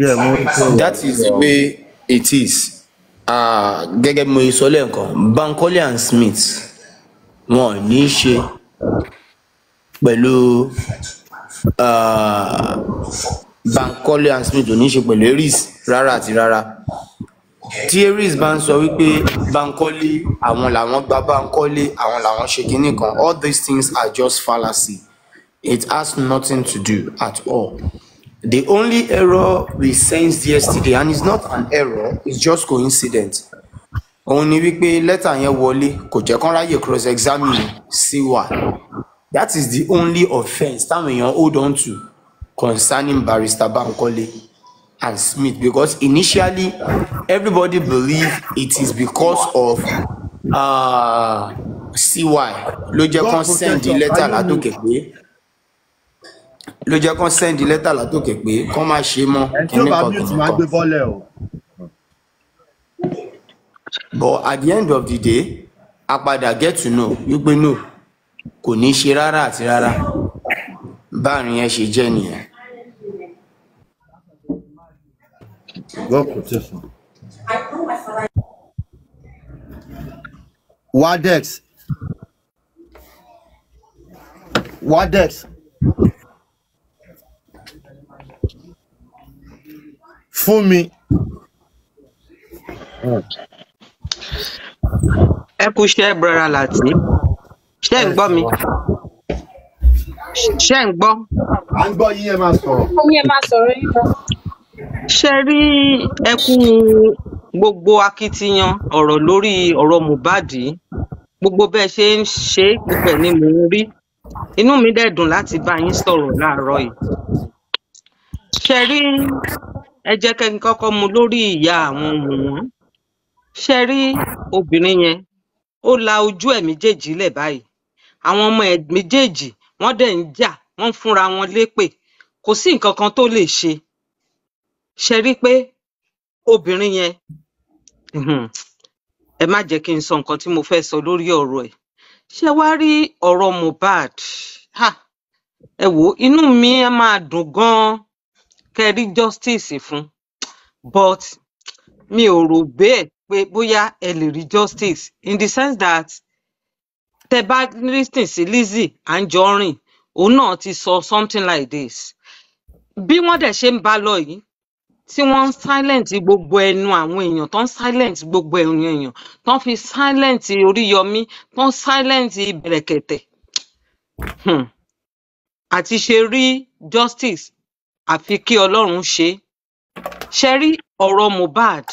yeah, mo that is the way it is ah, gẹ́gẹ́ bí mo sọ lẹ́ẹ̀kan Bankole and Smith wọn ò ní í ṣe pẹ̀lú ah, Bankole and Smith ò ní í ṣe pẹ̀lú Aries rárá àti rárá tí aries bá ń sọ wípé Bankole àwọn làwọn gba Bankole àwọn làwọn ṣe kinní kan all these things are just fallacy it has nothing to do at all the only error we sensed yesterday and it's not an error it's just coincidence òun ni wípé lẹ́tà yẹn wọlé kò jẹ́ kán ráyè cross examine sí wa that is the only offence táwọn èèyàn hold on to concerning barrister Bankole and Smith because initially everybody believed it is because of uh, CY ló jẹ́ kán send letter látòkè pé ló jẹ́ kán send letter látòkè pé kán má ṣe mọ́ kíní kọ̀ọ̀kan. but at the end of the day a padà get to know wípé no kò ní ṣe rárá àti rárá báàrin yẹn ṣe jẹ́ nìyẹn. God protection. Wadex. Wadex. Fún mi. Ẹ kú iṣẹ́ brother Lati. Ṣé ń gbọ́ mi? Ṣé ń gbọ́? À ń gbọ́ yín máa sọ̀rọ̀. Yín máa sọ̀rọ̀ yín ṣe rí ẹ kú gbogbo akitiyan ọ̀rọ̀ lórí ọ̀rọ̀ Mohbad gbogbo bẹ́ẹ̀ ṣe ń ṣe gbogbo ẹ̀ ni mò ń rí inú mi dẹ̀ dùn láti bá yín sọ̀rọ̀ láàárọ̀ yìí ṣe rí ẹ jẹ́ kí n kọ́kọ́ mu lórí ìyá àwọn wọ̀n ṣe rí obìnrin yẹn ó la ojú ẹ̀ méjèèjì lẹ̀ báyìí àwọn ọmọ ẹ̀ méjèèjì wọ́n dẹ̀ ń jà wọ́n ń fúnra wọn lépè kò sí nǹkan kan tó lè ṣe ṣe rí i pé obìnrin yẹn ẹ má jẹ́ kí n sọ nǹkan tí mo fẹ́ sọ lórí ọ̀rọ̀ ẹ̀ ṣé wàá rí ọ̀rọ̀ Mohbad ẹ wò inú mi á máa dùn ganan kẹ́ rí justice fún but mi ò rò bẹ́ẹ̀ pé bóyá ẹ lè rí justice in the sense that tẹ bá listen sí Lizzy Anjorin òun náà ti sọ something like this bí wọ́n dẹ̀ ṣe ń bá lọ yìí tí wọ́n ń silent gbogbo ẹnu àwọn èèyàn tó ń silent gbogbo ẹnu èèyàn tó fi silent oríyọmí tó ń silent bẹ̀rẹ̀kẹ̀tẹ̀ hmm. àti ṣe rí justice àfi kí ọlọ́run ṣe ṣe rí ọ̀rọ̀ mohbad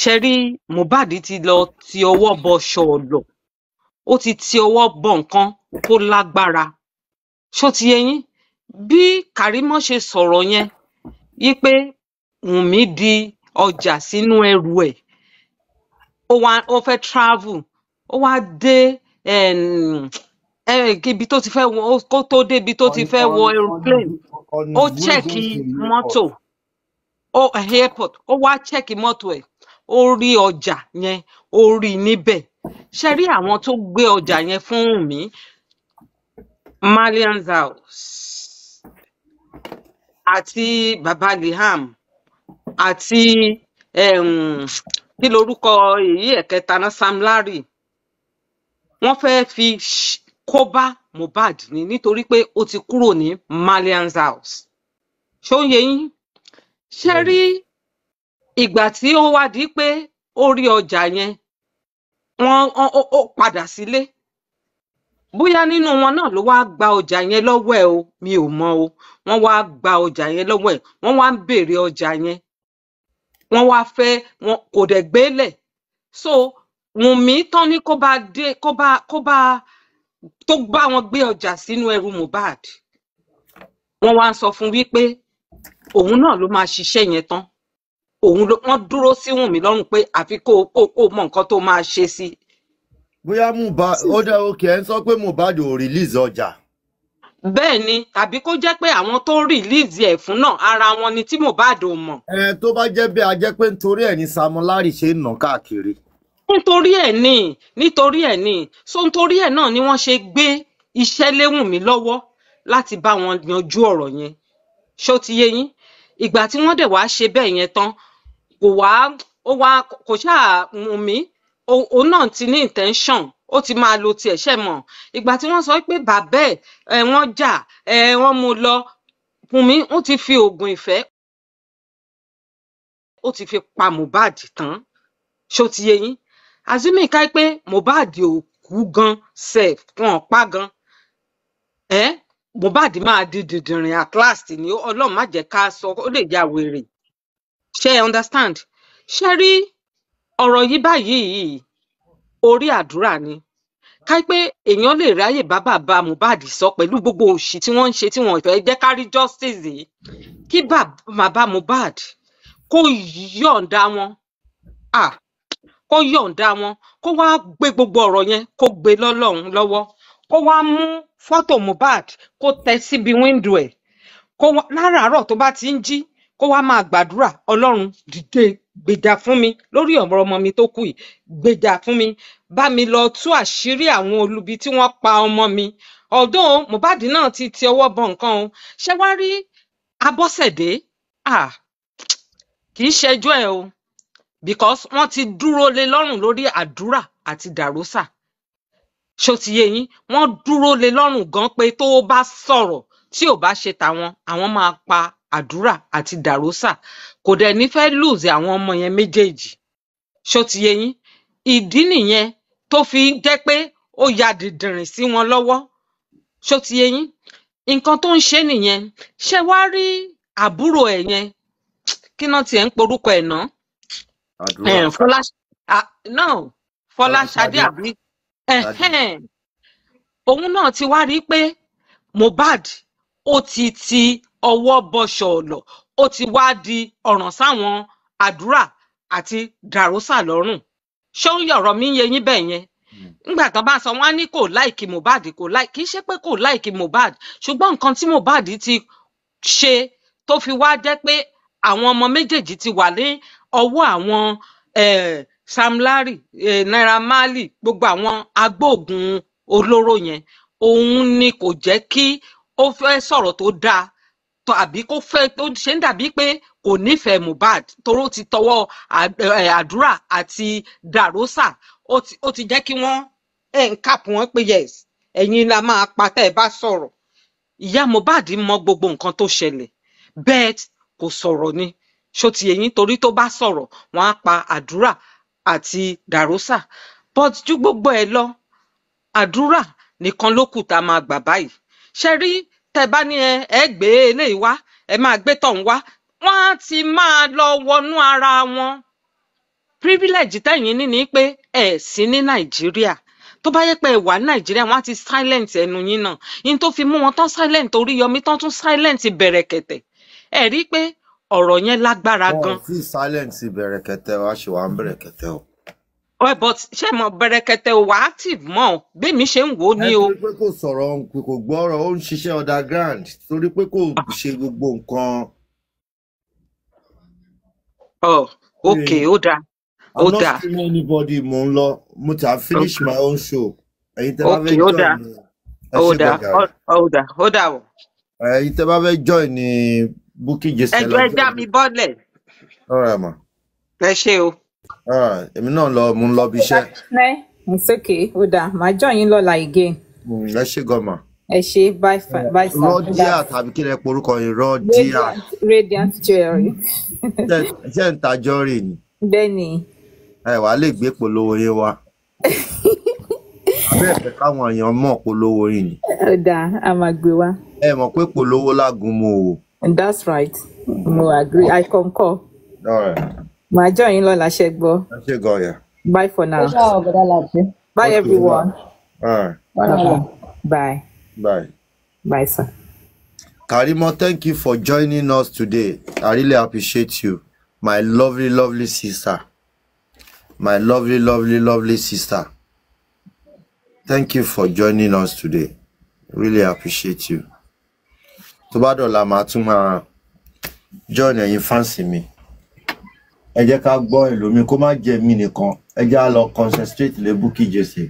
ṣe rí mohbad ti lọ ti ọwọ́ bọ ṣọ̀ọ̀lọ̀ ó ti ti ọwọ́ bọ nǹkan tó lágbára ṣó ti yẹ yín bí kàrímọ́ ṣe sọ̀rọ̀ yẹn wípé Wùnmí di ọjà sínú ẹrù ẹ̀ ó wá ó fẹ́ travel ó wá dé um ibi tó ti fẹ́ wọ kó tó dé ibi tó ti fẹ́ wọ aeroplane ó chẹ́ẹ̀kì mọ́tò ó airport ó wá chẹ́ẹ̀kì mọ́tò ẹ̀ ó rí ọjà yẹn ó rí i ṣe rí àwọn tó gbé ọjà yẹn fún Wùnmí Marlian's house àti baba liam àti um, kí lorúkọ èyí ẹ̀kẹta náà sam larry wọ́n fẹ́ẹ́ fi kó bá mohbad ni nítorí pé ó ti kúrò ní malian's house ṣó ń yé ṣe rí ìgbà tí ó wádìí pé ó rí ọjà yẹn wọ́n ó padà sílé. Si bóyá nínú wọn náà ló wáá gba ọjà yẹn lọwọ ẹ o mi ò mọ o wọn wáá gba ọjà yẹn lọwọ ẹ wọn wáá ń béèrè ọjà yẹn wọn wáá fẹ wọn kò dẹ gbélẹ so wùnmí tán ní kó bá dé kó bá kó bá tó bá wọn gbé ọjà sínú ẹrù mohbad wọn wá ń sọ fún wípé òun náà ló máa ṣiṣẹ yẹn tán òun ló wọn dúró sí wùnmí lọrùn pé àfi kó kó kó mọ nǹkan tó máa ṣe sí bóyá Mohbad ó dá òkè ẹ ń sọ pé Mohbad ò release ọjà. bẹ́ẹ̀ ni tàbí kó jẹ́ pé àwọn tó release ẹ̀ fún náà ara wọn ni tí Mohbad ò mọ̀. ẹ tó bá jẹ́ bẹ́ẹ̀ a jẹ́ pé nítorí ẹ̀ ni Sam Larry ṣe ń nà káàkiri. nítorí ẹ̀ ni nítorí ẹ̀ ni so nítorí ẹ̀ náà ni wọ́n ṣe gbé iṣẹ́ lé Wùnmí lọ́wọ́ láti bá wọn yanjú ọ̀rọ̀ yẹn ṣó ti yé yín ìgbà tí wọ́n dẹ̀ wá ṣe bẹ́ẹ̀ yẹn tán kò wá kò ṣáà Wùnmí òun náà ti ní intention ó ti máa lo tiẹ̀ ṣẹ̀ mọ̀ ìgbà tí wọ́n sọ pé bàbá ẹ̀ wọ́n jà ẹ̀ wọ́n mú lọ Wùnmí ó ti fi oògùn ìfẹ́ ó ti fi pa Mohbad tán ṣó ti yé yín azumi ká pé Mohbad ò kú gan sef wọn pa gan ẹ eh? Mohbad máa di dìndìnrìn at last ni Ọlọ́run má jẹ́ ká sọ ó lè ya wèrè ṣe understand ṣe rí ọ̀rọ̀ yìí báyìí orí àdúrà ni ká pé èèyàn lè ráyè bá bàbá Mohbad sọ pẹ̀lú gbogbo òṣì tí wọ́n ń ṣe tí wọ́n fẹ́ jẹ́ ká justice yìí kí bàbá Mohbad kó yọ̀ǹda wọn kó yọ̀ǹda wọn kó wá gbé gbogbo ọ̀rọ̀ yẹn kó gbé lọ́lọ́run lọ́wọ́ kó wá mú fọ́tò Mohbad kó tẹ síbi wíńdò ẹ̀ kó láràárọ̀ tó bá ti ń jí kó wá máa gbàdúrà Ọlọ́run dìde gbèjà fún mi lórí ọ̀rọ̀ ọmọ mi tó kù yìí gbèjà fún mi bá mi lọ tú àṣírí àwọn olubi tí wọ́n pa ọmọ mi ọ̀dọ́ Mohbad náà ti ti ọwọ́ bọ nǹkan o ṣé wá rí Abọ́sẹ̀dé kì í ṣẹjọ́ ẹ o because wọ́n ti dúró lé lọ́rùn lórí àdúrà àti dàrósà ṣòtìyẹ yín wọ́n dúró lé lọ́rùn gan pé tó bá sọ̀rọ̀ tí ò bá ṣe tàwọn àwọn máa pa àdúrà àti dàrósà kò dẹ̀ ní fẹ́ lùzì àwọn ọmọ yẹn méjèèjì ṣó ti yé yín ìdí nìyẹn tó fi jẹ́ pé ó ya dìndìnrìn sí wọn lọ́wọ́ ṣó ti yé yín nǹkan tó ń ṣe nìyẹn ṣé wá rí àbúrò ẹ̀ yẹn kí náà tiẹ̀ ń porúkọ ẹ̀ ná Fọláṣadé àbí òun náà ti wá rí pé Mohbad ó ti ti ọwọ́ bọṣọ ọ̀lọ̀ ó ti wáá di ọ̀ràn sáwọn àdúrà àti dàrósà lọ́rùn ṣé ó ń yọ̀rọ̀ mi yé yín bẹ́ẹ̀ yẹn hmm. nígbà tán bá sọ wọn á ní kò láìkí Mohbad kò láì kì í ṣe pé kò láìkí Mohbad ṣùgbọ́n nǹkan tí Mohbad ti ṣe tó fi wá jẹ́ pé àwọn ọmọ méjèèjì ti wà ní ọwọ́ àwọn Sam Larry Naira Marley gbogbo àwọn agbóògùn olóró yẹn òun ni kò jẹ́ kí ó fẹ́ sọ̀rọ̀ tó dáa tàbí kó fẹ́ ó ṣe ń dàbí pé kò nífẹ̀ẹ́ Mohbad toró ti tọwọ́ àdúrà àti dàrósà ó ti jẹ́ kí wọ́n ẹ̀ ń kàpù wọ́n pé yes ẹ̀yin la máa pa tẹ́ ẹ bá sọ̀rọ̀ ìyá Mohbad mọ gbogbo nǹkan tó ṣẹlẹ̀ bẹ́ẹ̀ kò sọ̀rọ̀ ni ṣó ti ẹ̀yìn torí tó bá sọ̀rọ̀ wọ́n á pa àdúrà àti dàrósà but ju gbogbo ẹ̀ lọ àdúrà nìkan ló kù tá a máa gbà báyìí ṣe rí tẹ́ bá ní ẹ gbé eléyìí wá ẹ máa gbé tọ̀hún wá wọ́n á ti máa lọ wọnú ara wọn privilege tẹ̀yin ní ni pé ẹ sí ní nàìjíríà tó bá yẹ pé ẹ wà ní nàìjíríà wọ́n á ti silent ẹnu yín náà yín tó fi mú wọn tán silent Oríyọmí tán tún silent bẹ̀rẹ̀kẹ̀tẹ̀ ẹ rí i pé ọ̀rọ̀ yẹn lágbára gan. wọn ò tí silent bẹ̀rẹ̀kẹ̀tẹ̀ wá ṣe wá ń bẹ̀rẹ̀kẹ̀tẹ̀ o ọ̀ but ṣé mo bẹ̀rẹ̀kẹ̀tẹ̀ wà á tì mọ́ ọ bẹ́mi ṣe ń wò ó o. ẹ torí pé kò sọ̀rọ̀ kò gbọ́rọ̀ ó ń ṣiṣẹ́ underground torí pé kò ah. ṣe gbogbo nǹkan. ọ oh, ok ó dáa ó dáa. I'm not seeing anybody mo ń lọ mo ti à finish my own show. ẹ̀yin tẹ́ bá fẹ́ join ni ẹ ṣe gbàgà. ó dáa ó dáa o. ẹ̀yin tẹ́ bá fẹ́ join ni Bukky Jesse. ẹjọ ẹja mi bọ́lẹ̀. ọ̀rẹ́ mà. ẹ ṣé o èmi náà lọ mú lọ bí iṣẹ́. it's okay ó dáa màá jọ yín lọ́la again. Mm, ẹ ṣe gọ́mà. ẹ ṣe bye eh, bye. rọ́díà tàbí kí lẹ porúkọ yín rọ́díà. radiant jewelry. ṣé ń ta jọ́rì ni. bẹ́ẹ̀ni. ẹ wàá lè gbé polówó yín wá bẹ́ẹ̀ fẹ́ káwọn èèyàn mọ̀ polówó yìí ni. ó dáa a máa gbé wá. ẹ mọ̀ pé polówó lágùn mo that's right mo agree i concur. All right. My jọ yín lọ́la ṣe gbọ́. ṣe gbọ́ bye for now. bye everyone. Bye. Bye. Bye. Bye, sir. Karima, thank you for joining us today. I really appreciate you. My lovely, lovely sister. My lovely, lovely, lovely sister. Thank you for joining us today. Really appreciate you. Tó bá dọ̀la màá tún máa join ẹ̀yin fáǹsì mi ẹ jẹ́ ká gbọ́ ẹlòmíì kó má jẹ́ mi nìkan ẹ jẹ́ á lọ concentrate lé Bukky Jesse.